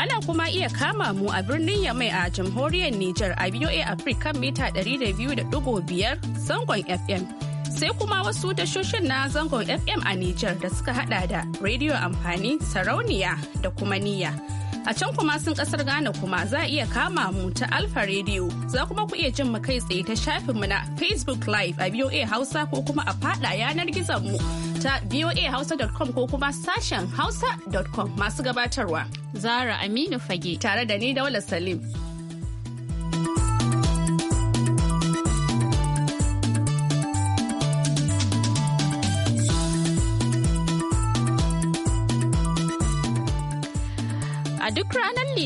Ana kuma iya kama mu a birnin Yamai a jamhuriyar Nijar a VOA Africa mita 200.5 zangon FM. Sai kuma wasu tashoshin na zangon FM a Nijar da suka hada da Radio Amfani, Sarauniya da kuma Niyya. A can kuma sun kasar Ghana kuma za a iya kama mu ta Alfa Radio. Za kuma ku iya jin mu kai tsaye ta shafinmu na Facebook Live a VOA Hausa ko kuma a fada yanar gizon mu ta voahausa.com ko kuma sashen hausa.com masu gabatarwa. Zara Aminu Fage. Tare da ni Daula Salim.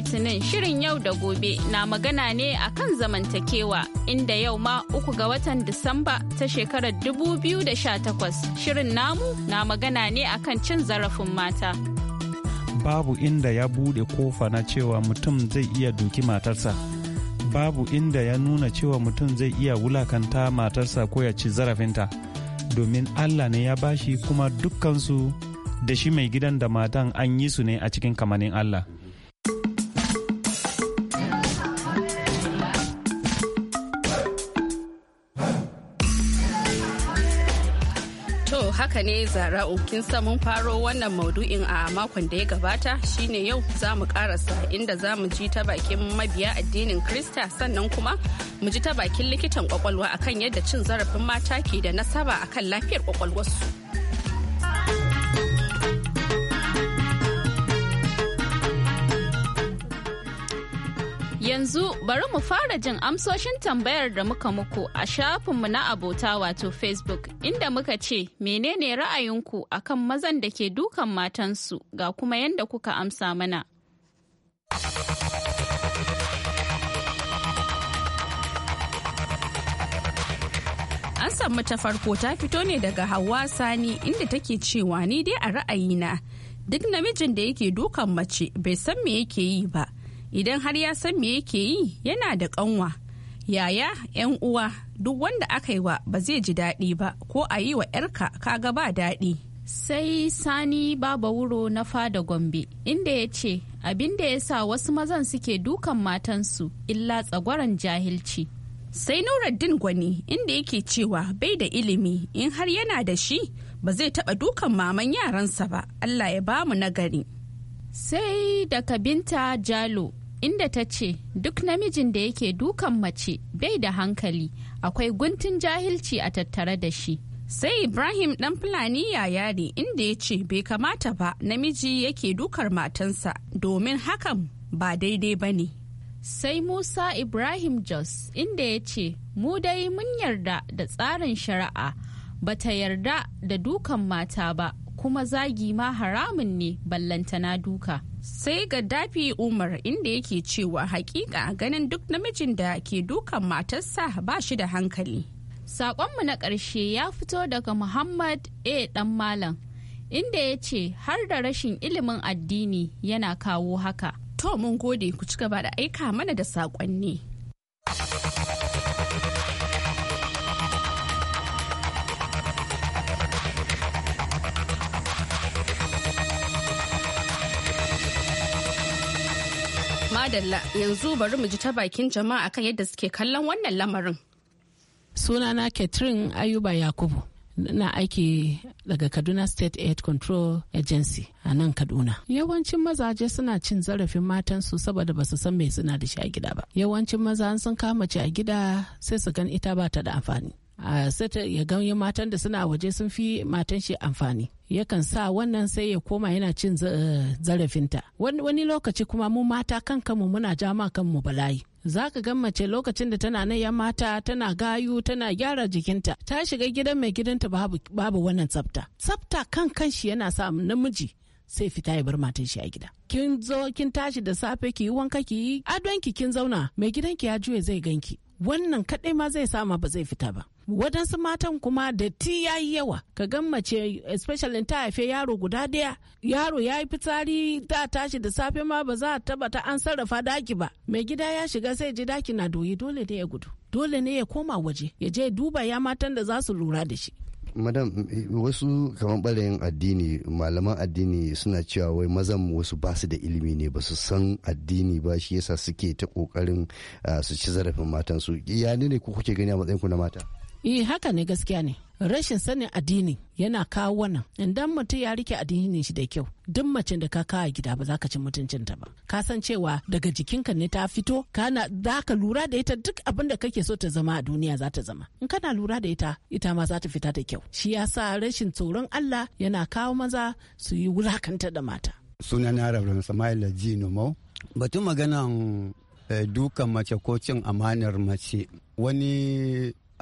Litinin shirin yau da gobe na magana ne a kan zamantakewa inda yau ma uku ga watan Disamba ta shekarar 2018 shirin namu na magana ne a kan cin zarafin mata. Babu inda ya bude kofa na cewa mutum zai iya doki matarsa. Babu inda ya nuna cewa mutum zai iya wulakanta matarsa ko ya ci zarafinta. Domin Allah ne ya bashi kuma dukkansu da shi mai gidan da matan an yi su ne a cikin kamanin Allah. haka ne zara'u kin mun faro wannan maudu'in a makon da ya gabata shine yau za mu karasa inda za mu ji ta bakin mabiya addinin krista sannan kuma mu ji ta bakin likitan kwakwalwa akan yadda cin zarafin mata ke da nasaba akan lafiyar kwakwalwarsu. yanzu bari mu fara jin amsoshin tambayar da muka muku a shafinmu na abota wato Facebook inda muka ce menene ra'ayinku akan mazan da ke dukan matansu ga kuma yadda kuka amsa mana. An mu ta farko ta fito ne daga hawa Sani inda take cewa ni dai a ra'ayina duk namijin da yake dukan mace bai san me yake yi ba. idan har ya san me yake yi yana da kanwa yaya yan uwa duk wanda aka yi wa ba zai ji daɗi ba ko a yi wa yarka kaga ba daɗi sai sani baba wuro na fada gombe inda ya ce abin da ya sa wasu mazan suke dukan matansu illa tsagwaron jahilci sai nuruddin gwani inda yake cewa bai da ilimi in har yana da shi ba zai taɓa dukan maman yaransa ba allah ya bamu nagari sai daga binta jalo inda ta ce duk namijin da yake dukan mace bai da hankali akwai guntun jahilci a tattare da shi sai ibrahim dan fulani yaya ne inda ya ce bai kamata ba namiji yake dukar matansa domin hakan ba daidai ba ne sai musa ibrahim jos inda ya ce mu dai mun yarda da tsarin shari'a ba ta yarda da dukan mata ba kuma zagi ma haramun ne ballantana duka. sai gaddafi umar inda yake cewa hakika ganin duk namijin da ke dukan matarsa ba shi da hankali saƙonmu na ƙarshe ya fito daga muhammad a ɗan malam inda ya ce har da rashin ilimin addini yana kawo haka to mun gode ku ci gaba da aika mana da saƙonni. yanzu bari mu ji ta bakin jama'a akan yadda suke kallon wannan lamarin. Sunana Catherine Ayuba Yakubu. na aiki daga kaduna state aid control agency a nan kaduna yawancin mazaje suna cin zarafin matansu saboda ba su san mai suna da shi a gida ba yawancin maza sun kama ci a gida sai su gan ita ba ta da amfani a ah, sai ya matan da suna waje sun fi matan shi amfani yakan sa wannan sai ya koma yana cin eh, zarafinta wani lokaci kuma mu mata kan kanmu muna jama kanmu bala'i za ka gan mace lokacin da tana na yan mata tana gayu tana gyara jikinta ta shiga gidan mai gidanta babu, wannan tsafta tsafta kan kanshi yana sa namiji sai fita ya bar matan shi a gida kin zo kin tashi da safe ki yi wanka ki yi adonki kin zauna mai gidanki ya juya zai ganki wannan kaɗai ma zai sama ba zai fita ba waɗansu matan kuma da ti ya yi yawa ka gan mace especially ta haife yaro guda ɗaya yaro ya yi fitsari ta tashi da safe ma ba za a tabbata an sarrafa daki ba mai gida ya shiga sai ji daki na doyi dole ne ya gudu dole ne ya koma waje ya je duba ya matan da za su lura da shi madam wasu kamar ɓarayin addini malaman addini suna cewa wai mazan wasu ba su da ilimi ne ba su san addini ba shi yasa suke ta ƙoƙarin ah, su ci zarafin matansu ya ne ne ku kuke gani a matsayin ku na mata eh haka ne gaskiya ne rashin sanin addini yana kawo wannan idan mutum ya rike addinin shi da kyau duk macen da ka kawo gida ba za ka ci mutuncinta ba ka san cewa daga jikinka ne ta fito kana za ka lura da ita duk abin da kake so ta zama a duniya za ta zama in kana lura da ita ita ma za ta fita da kyau shi ya sa rashin tsoron Allah yana kawo maza su yi wulakanta da mata sunana Reverend Samuel Jinumo batun maganan eh, dukan mace ko cin amanar mace wani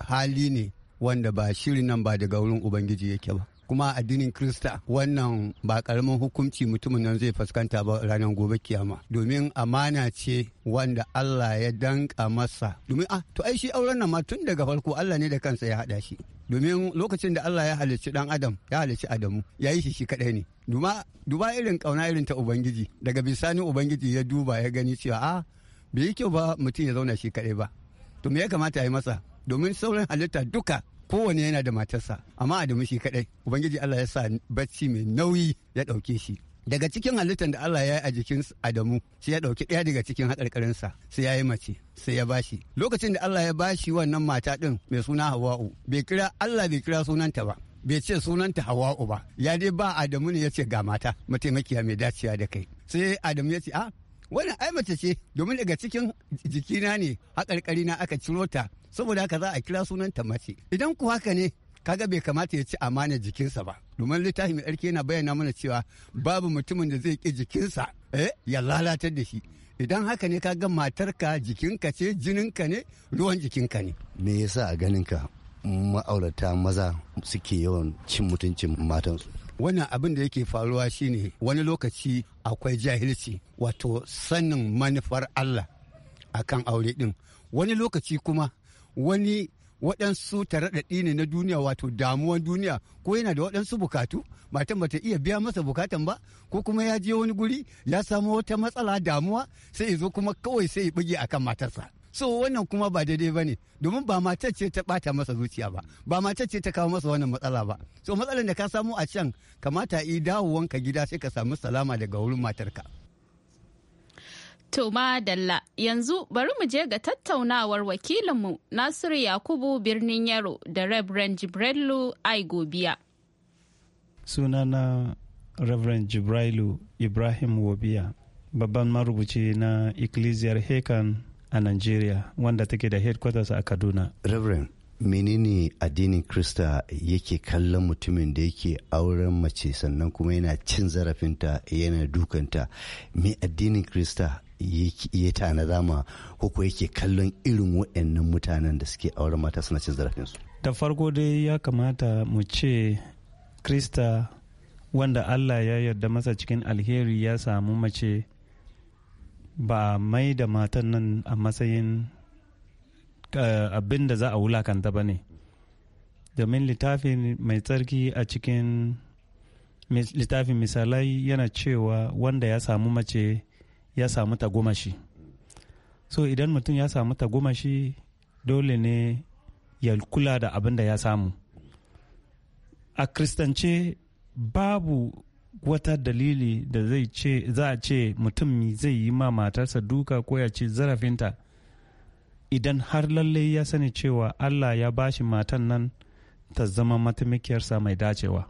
hali ne wanda ba shirin nan ba daga wurin ubangiji yake ba kuma addinin krista wannan ba karamin hukunci mutumin nan zai fuskanta ba ranar gobe kiyama domin amana ce wanda Allah ya danka masa domin ah to ai shi auren nan ma tun daga farko Allah ne da kansa ya hada shi domin lokacin da Allah ya halicci dan adam ya halicci adamu ya yi shi shi kadai ne duba irin kauna irin ta ubangiji daga bisani ubangiji ya duba ya gani cewa a, ah, bai yi kyau ba mutum ya zauna shi kadai ba to me ya kamata a yi masa domin sauran halitta duka kowane yana da matarsa amma adamu shi kadai ubangiji allah ya sa bacci mai nauyi ya dauke shi daga cikin halittar da allah ya yi a jikin adamu sai ya dauki daya daga cikin hakarkarinsa sai ya yi mace sai ya bashi lokacin da allah ya bashi wannan mata din mai suna hawa'u bai kira allah bai kira sunanta ba bai ce sunanta hawa'u ba ya dai ba adamu ne ya ce ga mata mataimakiya mai dacewa da kai sai adamu ya ce a ah, wannan ai mace ce domin daga cikin jikina ne hakarkari na aka ciro ta saboda haka za a kira sunan ta mace idan ku haka ne kaga bai kamata ya ci amana jikinsa ba domin littafin mai tsarki yana bayyana mana cewa babu mutumin da zai ki jikinsa eh ya lalatar da shi idan haka ne kaga matarka jikinka ce jininka ne ruwan jikinka ne me yasa a ganinka ma'aurata maza suke yawan cin mutuncin matansu wannan abin da yake faruwa shine wani lokaci akwai jahilci wato sanin manufar Allah akan aure din wani lokaci kuma wani waɗansu raɗaɗi ne na duniya wato damuwan duniya ko yana da waɗansu bukatu matan bata iya biya masa bukatan ba ko kuma ya je wani guri ya samu wata matsala damuwa sai ya zo kuma kawai sai ya bige akan matarsa so wannan kuma ba daidai ba ne domin ba matar ce ta bata masa zuciya ba ba matar ce ta kawo masa wannan matsala ba so matsalar da ka samu a can kamata i dawowanka gida sai ka samu salama daga wurin matarka To Dalla, yanzu bari mu je ga tattaunawar wakilinmu Nasiru Yakubu birnin Yaro da Reverend Jibrelu Aigobiya. Sunana Reverend Jibrelu Ibrahim Wobiya, babban marubuci na Ikilisiyar Hekan a Najeriya, wanda take da headquarters a Kaduna. Reverend, menene addinin Krista yake kallon mutumin da yake auren mace sannan kuma yana cin zarafinta yana dukanta? Me addinin Krista ya tana ma ko ko yake kallon irin waɗannan mutanen da suke auren mata suna cin zarafinsu. Da farko dai ya kamata mu ce Krista wanda Allah ya yarda masa cikin alheri ya samu mace ba mai da matan nan a matsayin eh, abin da za a wulakanta ba ne. Domin littafin mai tsarki a cikin littafin misalai yana cewa wanda ya samu mace ya samu tagomashi so idan mutum ya samu tagomashi dole ne ya kula da abin da ya samu a kristance babu wata dalili da za a ce mutum zai yi ma matarsa duka ko ya ce zarafinta idan har lallai ya sani cewa allah ya bashi matan nan ta zama mataimakiyarsa mai dacewa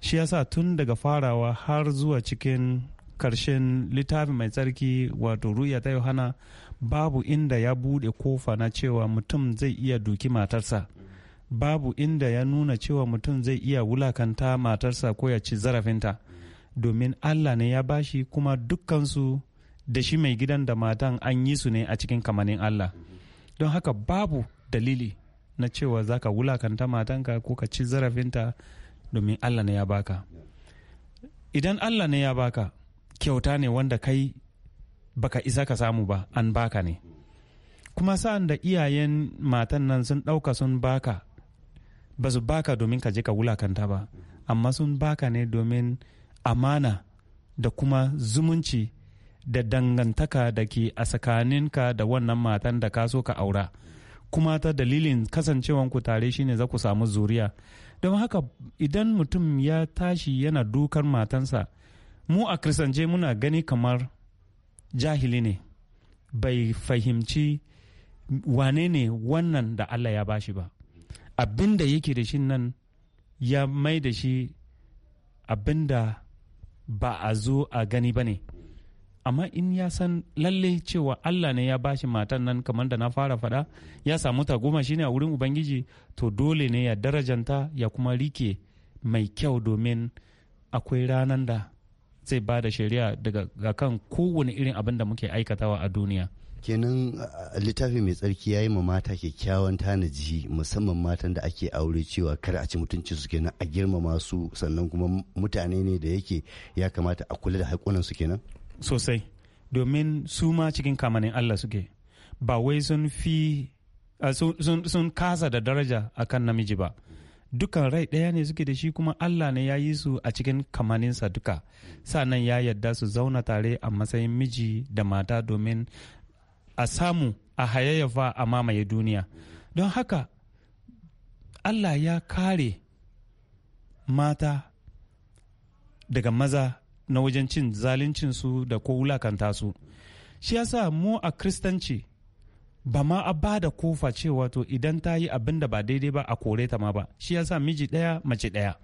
shi yasa tun daga farawa har zuwa cikin karshen littafin mai tsarki wato ruya ta yohana babu inda ya bude kofa na cewa mutum zai iya doki matarsa babu inda ya nuna cewa mutum zai iya wulakanta matarsa ko ya ci zarafinta domin allah ne ya bashi kuma dukkansu da shi mai gidan da matan an yi su ne a cikin kamanin allah don haka babu dalili na cewa za ka wulakanta matanka ko ka ci zarafinta domin allah ne ya baka idan allah ne ya baka kyauta ne wanda kai baka isa ka samu ba an baka ne kuma sa'an da iyayen matan nan sun ɗauka sun baka ba su baka domin ka je ka wulakanta ba amma sun baka ne domin amana da kuma zumunci da dangantaka da ke a tsakaninka da wannan matan da ka so ka aura kuma ta dalilin kasancewanku tare shine za ku samu zuriya don haka idan mutum ya tashi yana dukar matansa mu a kristance muna gani kamar jahili ne bai fahimci wane ne wannan da allah ya bashi ba abin da yake da shi nan ya mai da shi abin da ba a zo a gani ba ne amma in ya san lalle cewa allah ne ya bashi matan nan kamar da na fara fada ya samu tagoma shine a wurin ubangiji to dole ne ya darajanta ya kuma rike mai kyau domin akwai ranar da zai ba da shari'a daga kan kowane irin abin da muke aikatawa a duniya kenan littafi mai tsarki ya yi ma mata kyakkyawan tanaji musamman matan da ake aure cewa kar a ci mutunci su kenan a girmama su sannan kuma mutane ne da yake ya kamata a kula da haƙunan su kenan sosai domin su ma cikin kamanin Allah suke ba wai sun fi sun kasa da daraja akan namiji ba dukan rai ɗaya ne suke da shi kuma Allah ne ya yi su a cikin kamaninsa duka sannan ya yarda su zauna tare a matsayin miji da mata domin a samu a hayayyafa a mamaye duniya don haka Allah ya kare mata daga maza na wajen cin zaluncinsu da ko wulakanta su shi yasa mu a kristanci ba ma a ba da kofa cewa to idan ta yi abin da ba daidai ba a kore ta ma ba shi yasa miji daya mace daya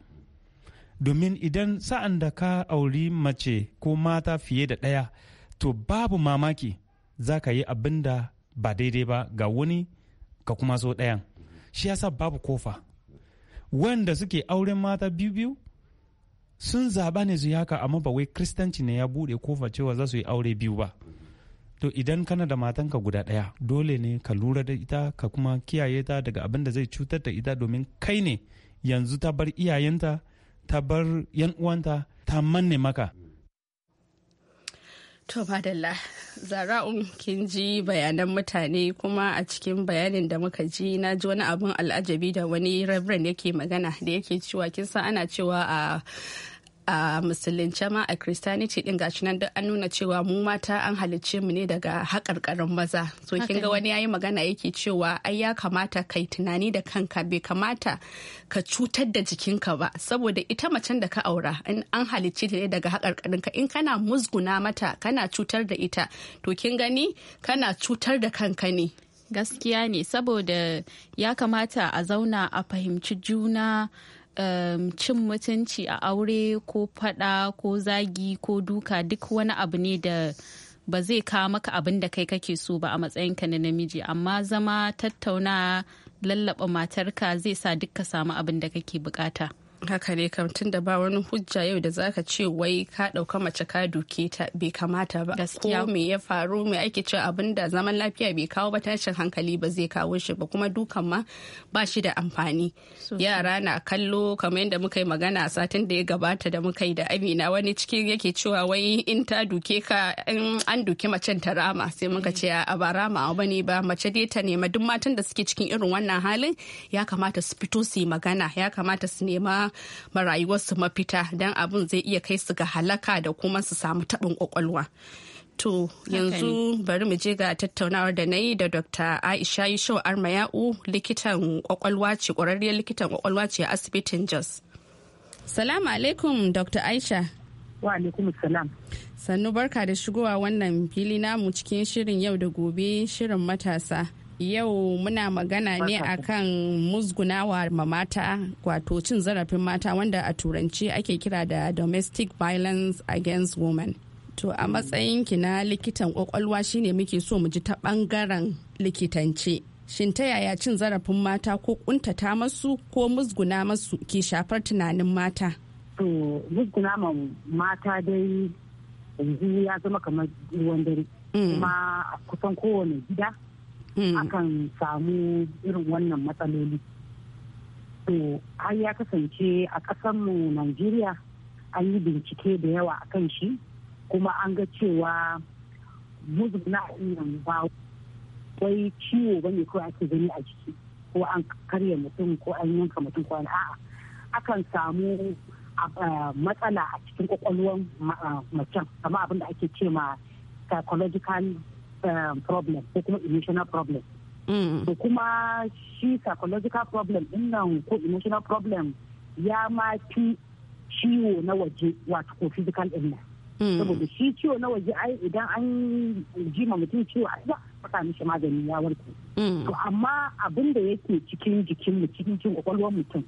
domin idan sa'an da ka auri mace ko mata fiye da ɗaya to babu mamaki za ka yi abin da ba daidai ba ga wani ka kuma so ɗayan shi yasa babu kofa wanda suke auren mata biyu biyu sun zaɓa ne su yaka amma ba wai kristanci ne ya buɗe kofa cewa za su yi aure biyu ba to idan kana da matanka guda ɗaya dole ne ka lura da ita ka kuma kiyaye ta daga abin da zai cutar da ita domin kai ne yanzu ta bar iyayenta ta bar yan uwanta ta manne maka To madalla um kin ji bayanan mutane kuma a cikin bayanin da muka ji na ji wani abun al'ajabi da wani reverend yake magana da yake cewa kin san ana cewa a a musulunce ma a christianity din gashi nan duk an nuna cewa mu mata an halicce mu ne daga haƙarƙarin maza so kin ga wani yayi magana yake cewa ai ya kamata kai tunani da kanka bai kamata ka cutar da jikinka ba saboda ita macen da ka aura in an halicce ta ne daga haƙarƙarin ka in kana musguna mata kana cutar da ita to kin gani kana cutar da kanka ne gaskiya ne saboda ya kamata a zauna a fahimci juna um, cin mutunci a aure ko fada ko zagi ko duka duk wani abu ne da ba zai kawo maka abin da kai kake so ba a matsayin ka na namiji amma zama tattauna lallaba matarka zai sa duk ka samu abin da kake bukata. haka ne kam da ba wani hujja yau da zaka ce wai ka dauka mace ka duke ta bai kamata ba gaskiya me ya faru me ake cewa abin da zaman lafiya bai kawo ba tashin hankali ba zai kawo shi ba kuma dukan ma ba shi da amfani yara na kallo kamar yadda muka yi magana a satin da ya gabata da muka yi da amina wani cikin yake cewa wai in ta duke ka in an duke macen ta rama sai muka ce a ba rama ba ne ba mace dai ta nema duk matan da suke cikin irin wannan halin ya kamata su fito su yi magana ya kamata su nema marayuwarsu mafita don abin zai iya kai su ga halaka da kuma su samu taɓin ƙwaƙwalwa. To yanzu bari mu je ga tattaunawar da na yi da Dr. Aisha Yishau Armayau likitan kwakwalwa ce kwararriyar likitan kwakwalwa ce a asibitin Jos. Salamu alaikum Dr. Aisha. Wa alaikum salam. Sannu barka da shigowa wannan fili namu cikin shirin yau da gobe shirin matasa. yau muna magana ne akan musgunawa ma mata wato cin zarafin mata wanda a turanci ake kira da domestic violence against women to a matsayin ki na likitan kwakwalwa shine muke so mu ji ta bangaren likitance shin ta yaya cin zarafin mata ko kuntata masu ko musguna masu ke shafar tunanin mata to musguna ma mata dai yanzu ya zama kamar ruwan dare mm. kuma kusan kowane gida Hmm. akan samu irin wannan matsaloli to har ya kasance a mu najeriya an yi bincike da yawa a kan shi kuma an ga cewa na iya ba wai ciwo ba ne kawai ake gani a jiki ko an karya mutum ko an yanka mutum ko an a'a akan samu ah, matsala a cikin kwakwalwar ah, macen kama abin da ake ce ma psychological Um, problem ko kuma emotional problem mm. to kuma shi psychological problem din nan ko emotional problem ya ma fi ciwo na waje wato ko physical illness mm. saboda shi ciwo na waje ai idan an ji ma mutum ciwo ai ba faɗa mishi magani ya warke mm. to amma abin da yake cikin jikin mu cikin cikin kwakwalwar mutum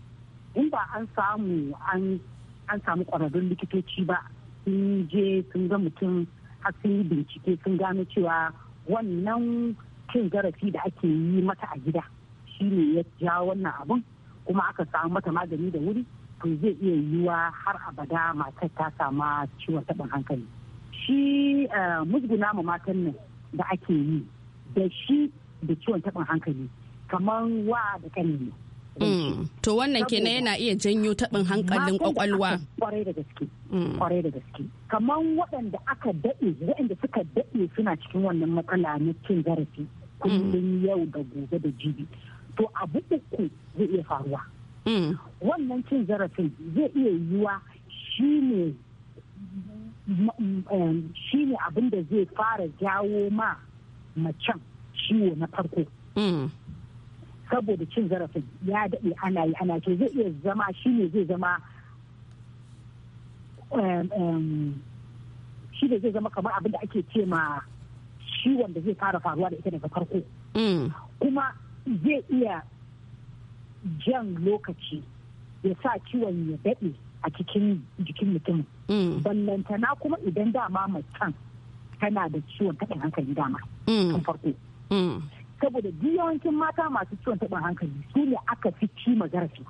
in ba an samu an an samu kwararrun likitoci ba sun je sun ga mutum har sun yi bincike sun gano cewa wannan cin zarafi da ake yi mata a gida shi ne ya ja wannan abun kuma aka samu mata magani da wuri to zai iya yiwuwa har abada matar ta sama ciwon taɓin hankali shi eh, musguna ma matan nan da ake yi da shi da ciwon taɓin hankali kamar wa da ne. Mm. Mm. To wannan kenan yana iya janyo taɓin hankalin ƙwaƙwalwa. Kwarai da gaske. Kwarai mm. da gaske. Kamar waɗanda aka daɗe, waɗanda suka daɗe suna cikin wannan matsala na cin zarafi kullum yau da gobe da jibi. To abu uku zai iya faruwa. Wannan cin zarafin zai iya yiwuwa shi ne eh, shi ne abin da zai fara jawo ma macen ciwo na farko. saboda cin zarafin ya daɗe ana yi ana to zai iya zama shi ne zai zama shi ne zai zama kamar abin da ake ce ma shi wanda zai fara faruwa da ita daga farko mm. kuma zai iya jan lokaci ya sa ciwon ya daɗe a cikin jikin mutum mm. ballantana kuma idan dama mai kan tana da ciwon taɓin hankali dama kan mm. farko saboda duk yawancin mata masu ciwon taɓin hankali su ne aka fi ci zarafi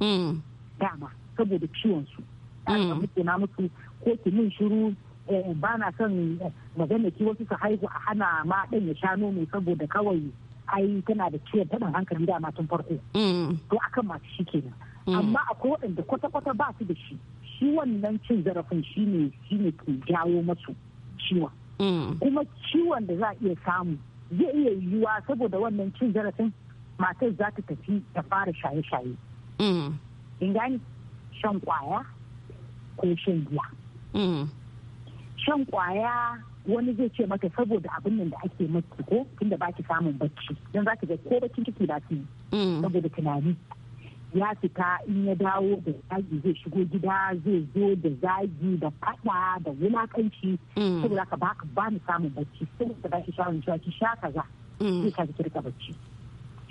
hmm. dama saboda ciwon su hmm. muke na musu ko ki min shiru eh, ba na son eh, magana ki wasu su haihu a hana ma ɗan ya sha nono saboda kawai ai tana da ciwon taɓin hankali dama tun farko hmm. to kan masu shi kenan amma akwai waɗanda kwata-kwata ba su da shi shi wannan cin zarafin shi ne ke jawo masu ciwon kuma ciwon da za a iya samu zai iya yiwuwa saboda wannan cin zarafin matar za ta tafi ta fara shaye-shaye. Mm. In gani shan kwaya ko shan giya. Mm. Shan kwaya wani zai ce mata saboda abin nan da ake maki ko tunda ba ki samun bacci don za ki ga ko bakin kiki ba su mm. saboda tunani ya fita in ya dawo da zagi zai shigo gida zai zo da zagi da fada da wulakanci mm. saboda ka baka ba ni samun bacci saboda ba ki shawarar cewa ki sha kaza mm. zai ka ji kirka bacci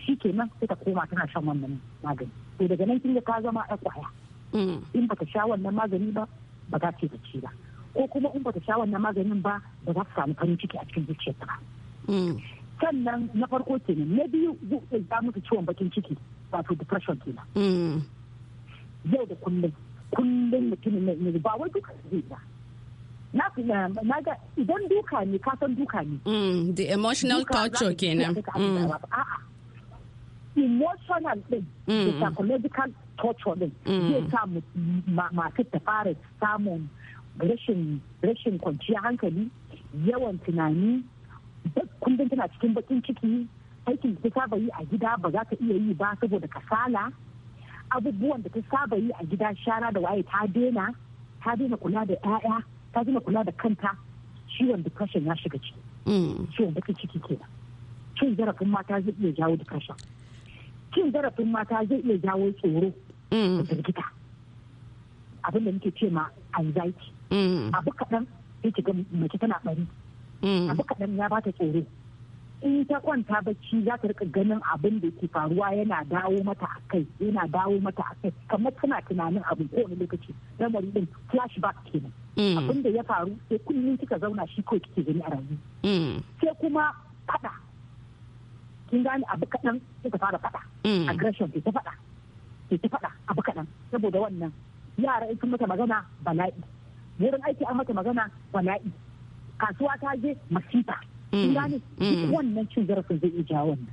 shi kenan sai ta koma tana shan wannan magani to daga nan kin ka zama a kwaya mm. in baka sha wannan magani ba ba za ka bacci ba ko kuma in baka sha wannan maganin ba ba za ka samu farin ciki a cikin zuciyarka ba sannan na farko kenan na biyu zai musu ciwon bakin ciki wato depression kenan mm. yau da kullum kullum mutumin ne ba wai duka zai ba na na ga idan duka ne ka san duka ne mm, the emotional culture kenan mm. a'a emotional din the psychological torture din zai sa masu ta fara samun rashin rashin hankali yawan tunani kullum tana cikin bakin ciki aikin da ta saba yi a gida ba za ta iya yi ba saboda kasala abubuwan da ta saba yi a gida shara da waye ta daina ta daina kula da ƴaƴa ta daina kula da kanta ciwon depression ya shiga ciki mm. ciwon baki ciki kenan cin zarafin mata zai iya jawo depression cin zarafin mata zai iya jawo tsoro mm. da firgita abin da muke ce ma anxiety mm. abu kaɗan sai ki ga mace tana bari abu kaɗan ya bata tsoro in ta kwanta bacci za ta rika ganin abin da ke faruwa yana dawo mata a kai yana dawo mata a kai kamar tana tunanin abin kowane lokaci lamari din flashback kenan mm. abin da ya faru sai kullum kika zauna shi kawai kike gani a rayu mm. sai kuma fada kin gane abu kaɗan kika fara fada mm. aggression ke ta fada ke ta fada abu kaɗan saboda wannan yara in mata magana bala'i wurin aiki an mata magana bala'i kasuwa ta je masifa Mm. gane mm. wannan cin zarafin zai iya jawo wannan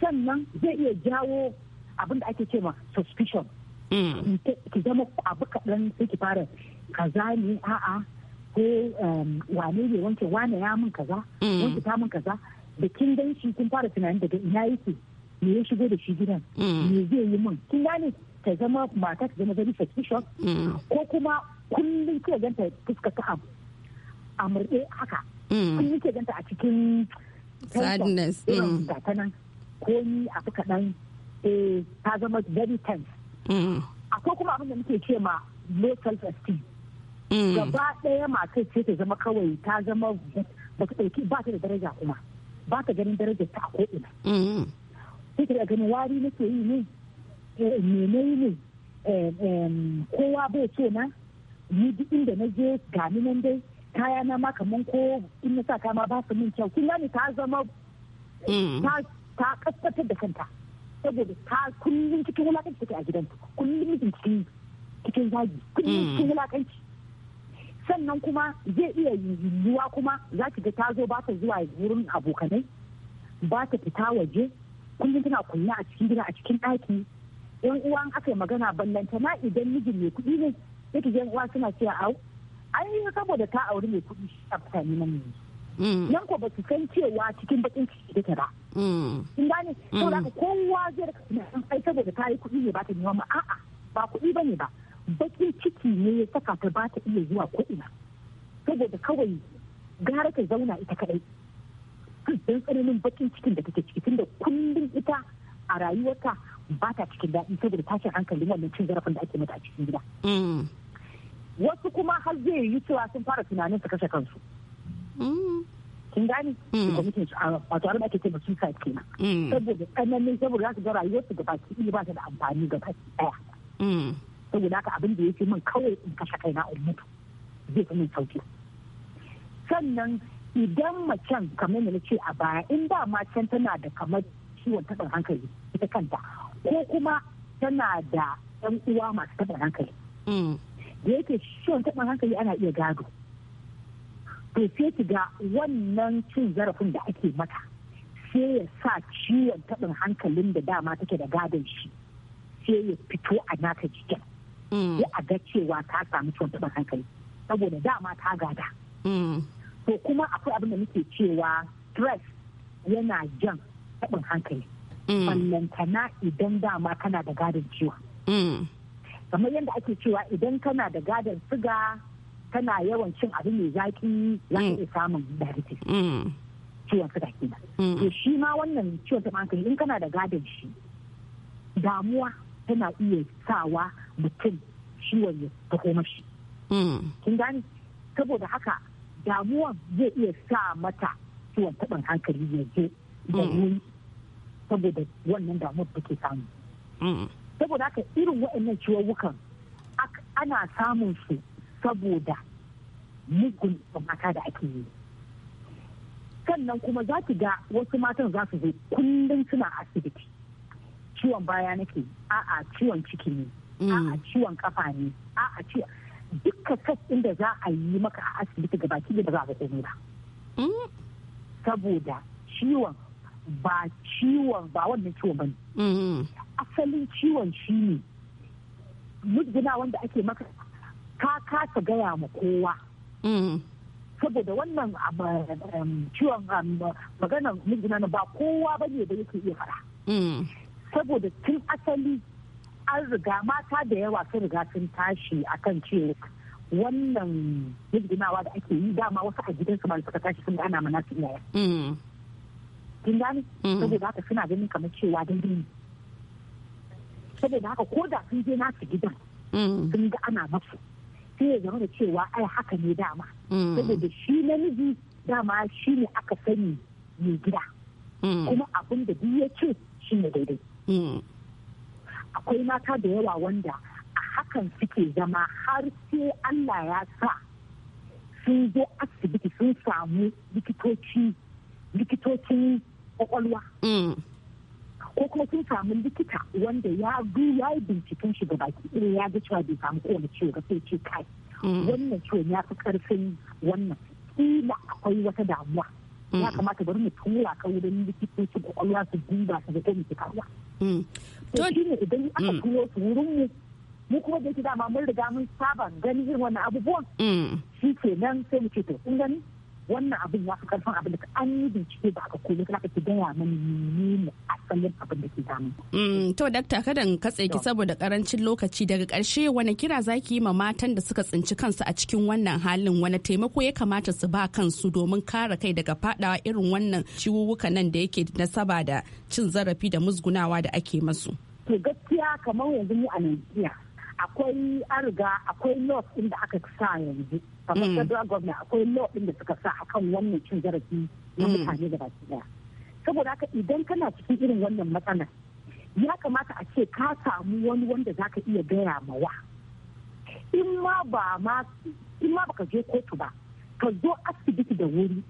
sannan zai iya jawo abin da ake ce ma suspicion mm. ki zama abu kaɗan sai ki fara kaza ne a'a ko um, wane ne wanke wane ya min kaza wanke ta min kaza da kin gan kin fara tunanin daga ina yake me ya shigo da shi gidan me zai yi mun kin gane ta zama mata ta zama very suspicion ko kuma kullum kika ganta fuska ta abu haka kun mm. yake ganta a cikin sadness irin mm. gata nan ko ni a fi kaɗan eh, ta zama very tense mm. akwai kuma abin da muke ce ma low self esteem gaba ɗaya masu ce ta zama kawai ta zama ba ta ɗauki ba ta da daraja kuma ba ta ganin daraja ta a ko'ina sai ta ganin wari nake yi ne eh, mene yi ne eh, kowa bai ce na ni duk inda na je gani nan dai kaya na ma mun ko in na sa ma ba su min kyau kin gani ta zama mm. ta kaskantar da kanta saboda ta kullum cikin wulakanci take a gidanta kullum mijin cikin cikin zagi kullum mm. cikin wulakanci sannan kuma zai iya yiwuwa kuma za ki ga ta zo ba ta zuwa wurin abokanai ba ta fita waje kullum tana kunya a cikin gida a cikin ɗaki yan uwan aka yi magana ballantana idan mijin mai kuɗi ne yake yan uwa suna cewa au an yi saboda ta auri mai kuɗi a mutane nan ne mm. nan ko ba su san cewa cikin bakin ciki take ba mm. in gane to mm. da kowa zai rika tunanin ai saboda ta yi kuɗi ne ba ta nema ma a'a ba kuɗi bane ba bakin ciki ne ya saka ta ba ta iya zuwa ko'ina saboda kawai gara ta zauna ita kadai don tsananin bakin cikin da take ciki tunda kullum ita a rayuwarta ba ta cikin daɗi saboda tashin hankalin wannan cin zarafin da ake mata a cikin gida. wasu kuma har zai yi cewa sun fara tunanin su kashe kansu mm. kin gane mm. da mutum wato alba ke kuma suicide kenan mm. saboda tsananin saboda za su ga rayuwarsu gaba ki ba su da amfani gaba ki daya saboda haka abin da yake min kawai in kashe kaina in mutu zai fi min sauki sannan idan macen kamar da ce a baya in ba macen tana da kamar ciwon taɓin hankali ita kanta ko kuma tana da yan uwa masu taɓin hankali da yake ciwon taɓin hankali ana iya gado to sai ki ga wannan cin zarafin da ake mata sai ya sa ciwon taɓin hankalin da dama take da gadon shi sai ya fito a naka jikin ya mm. a ga cewa ta samu ciwon taɓin hankali saboda dama ta gada mm. to kuma akwai abin da muke cewa stress yana jan taɓin hankali mm. ballantana idan dama kana da gadon ciwon kamar yadda ake cewa idan kana da gadon siga tana yawan cin abin mai zaki za ka mm. iya samun diabetes mm. ciwon suga kenan mm. to shi ma wannan ciwon ta hankali in kana da gadon shi damuwa tana iya sawa mutum ciwon ya koma shi, kin gani saboda haka damuwa zai iya sa mata ciwon taɓin hankali ya je da saboda wannan damuwar take samu saboda haka irin waɗannan ciwuwukan ana samun su saboda mugun mata da ake yi sannan kuma za ki ga wasu matan za su zo kullum suna asibiti ciwon baya nake a'a ciwon ciki ne mm. a'a ciwon kafa ne a'a ciwon duka ɗin inda za a yi maka a asibiti ga baki da za a komai ba mm. saboda ciwon ba ciwon ba wannan ciwon bane mm-hmm. asalin ciwon shi ne mujina wanda ake maka ka kasa gaya ma kowa mm. saboda wannan um, um, ciwon um, magana mujina ba kowa ba ne da yake iya fara mm. saboda tun asali an riga mata da yawa sun riga sun tashi akan cewa wannan jirginawa da ake yi dama wasu a gidansu ba suka tashi sun gana mana su iyaye. Mm. Kin gani? Saboda haka suna ganin kamar cewa daidai saboda haka ko da sun je nasu gidan mm. sun ga ana masu sai ya zama da cewa ai haka ne dama mm. saboda shi namiji dama shi ne aka sani mai gida mm. kuma abin da duk ya ce shi ne daidai akwai mata da yawa wanda a hakan suke zama har sai Allah ya sa sun zo asibiti sun samu likitocin kwakwalwa ko kuma sun samu likita wanda ya bi ya yi binciken shi da baki ɗaya ya ga cewa bai samu kowane ciwo ba sai ce kai mm. wannan ciwon ya fi ƙarfin wannan kila akwai wata damuwa mm. ya kamata bari mu tura ka wurin likitoci kwakwalwa su duba su ga ko muke karuwa. Mm. To shi ne idan aka turo su wurin mu mu kuma da ke dama mun riga mun saba ganin irin wannan abubuwan shi ke nan sai mu ce to kun gani wannan abin ya fi karfin abin da an yi bincike ba ka koyi kana ki gaya mani menene asalin abin da ke damu. Mm, to dakta kada in katse ki saboda karancin lokaci daga karshe wani kira za ki yi ma matan da suka tsinci kansu a cikin wannan halin wani taimako ya kamata su ba kansu domin kare kai daga fadawa irin wannan ciwuwuka nan da yake nasaba da cin zarafi da musgunawa da ake masu. to gaskiya kamar yanzu mu a Nigeria akwai ariga akwai laws din da aka sa yanzu kamar hmm. federal government akwai laws din da suka sa akan wannan cin zarafi na hmm. mutane da baki daya saboda haka idan kana cikin irin wannan matsala ya kamata a ce ka samu wani wanda zaka iya gaya mawa in ma ba ma in ma baka je kotu ba ka zo asibiti da wuri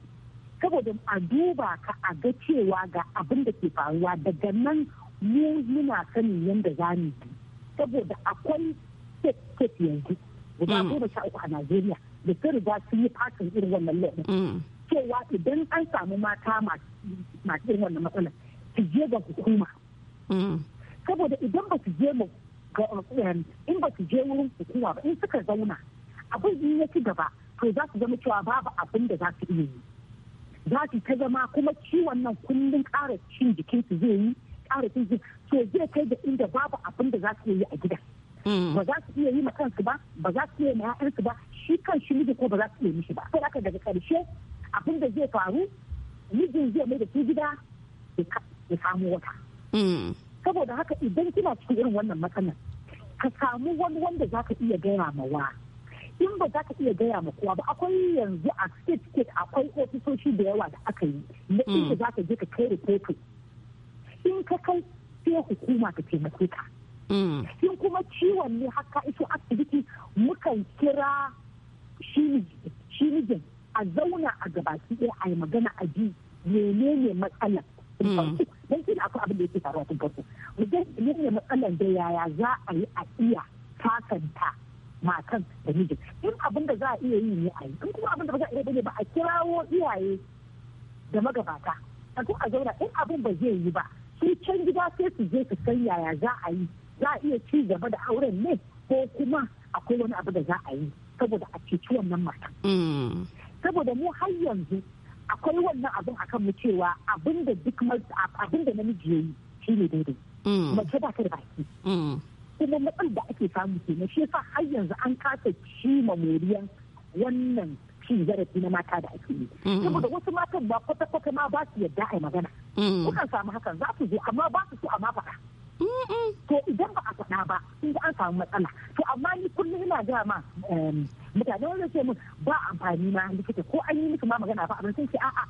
saboda a duba ka a ga cewa ga abin da ke faruwa daga nan mu muna sanin yadda za mu yi. saboda akwai state yanzu guda mm. goma sha uku a Najeriya da ta riga sun yi fatan irin wannan laifin. Mm. Cewa idan an samu mata masu irin wannan matsalar su je ga hukuma. Mm. Saboda idan ba su je um, in ba su je wurin hukuma ba in suka zauna abin in ya ci gaba to za su zama cewa babu abin da za su iya yi. Za su ta zama kuma ciwon nan kullum ƙara cin jikinsu zai yi kara jin to zai kai da inda babu abin da za su yi a gida hmm. ba za su iya yi ma kansu ba ba za su iya ma ƴaƴansu ba shi kan shi miji ko ba za su iya mishi ba sai aka daga ƙarshe abin da zai faru mijin zai mai da gida ya samu wata hmm. saboda haka idan kina cikin irin wannan matsalar ka samu wani wanda za ka iya gaya ma wa in ba za ka iya gaya ma kowa ba akwai yanzu a state state akwai ofisoshi da yawa da aka yi na inda hmm. za ka je ka kai kotu in ka kai sai hukuma ta taimake ka Sun mm. kuma ciwon ne haka iso asibiti mukan kira shi a zauna a gabaki ɗaya a yi magana a ji ne matsalar mm. don shi akwai abin da yake faruwa tun farko mu ga ne matsalar da yaya za a yi a iya fasanta matan da mijin in abin da za a iya yi ne a yi in kuma abin da ba za a iya bane ba a kirawo iyaye da magabata a a zauna in abin ba zai yi ba su can gida sai su je su san yaya za a yi za a iya ci gaba da auren ne ko kuma akwai wani abu da za a yi saboda a ceci wannan mata. Mm. Saboda mu har yanzu akwai wannan abin kan mu cewa abin da duk abin da namiji yi shi ne daidai. Mm. Mace ba ta da baki. Mm. Kuma matsalar da ake samu kenan shi yasa har yanzu an kasa cima moriyan wannan ci zarafi na mata da ake yi mm-hmm. saboda wasu matan ba kwata kwata ma ba su yadda a magana kukan mm-hmm. samu hakan za su zo amma ba su so a faɗa mm-hmm. to idan ba a faɗa ba sun an samu matsala to amma ni kullum ina gaya ma mutane wanda ce min ba amfani ma likita ko an yi miki ma magana ba abin sun ce a'a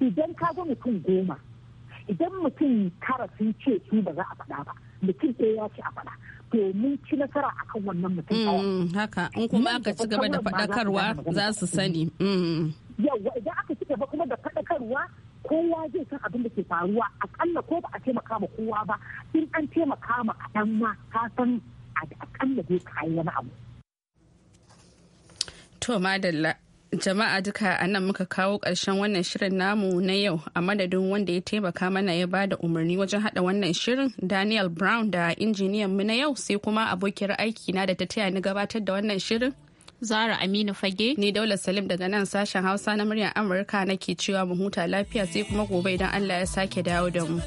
idan ka ga mutum goma idan mutum tara sun ce su ba za a faɗa ba mutum ɗaya ya ce a faɗa domin ci nasara akan wannan mutum mm, haka in kuma aka ci gaba da faɗakarwa za su sani mm. yawa idan aka ci gaba kuma da faɗakarwa kowa zai san abin da ke faruwa akalla ko ba a taimaka ma kowa ba in an taimaka ma kaɗan ma ka san akalla dai ka wani abu to madalla jama'a duka a nan muka kawo ƙarshen wannan shirin namu na yau a madadin wanda ya taimaka mana ya bada umarni wajen hada wannan shirin daniel brown da injiniyan mu na yau sai kuma abokiyar aiki na da ta taya ni gabatar da wannan shirin zara aminu fage ni daula salim daga nan sashen hausa na muryar amurka nake cewa mu huta lafiya sai kuma gobe idan allah ya sake dawo da mu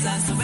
Cause I'm so.